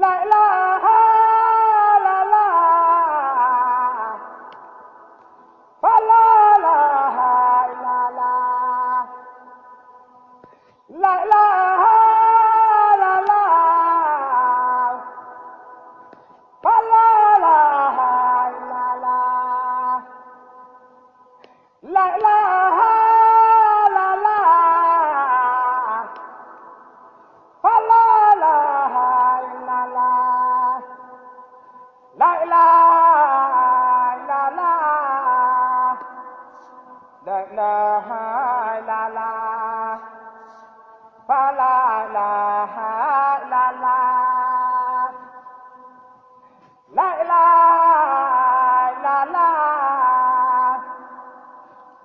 la la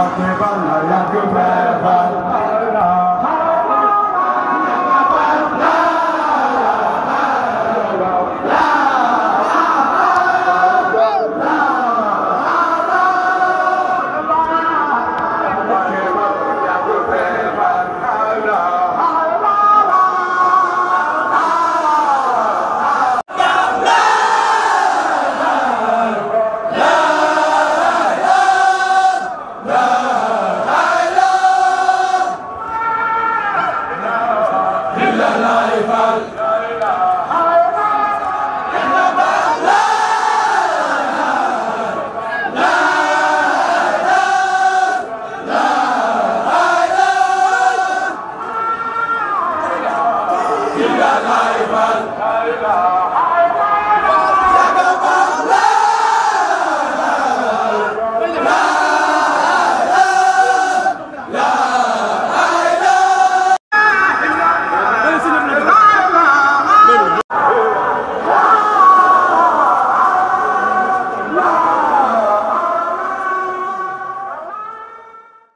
Nothing but love you, إلا لا إله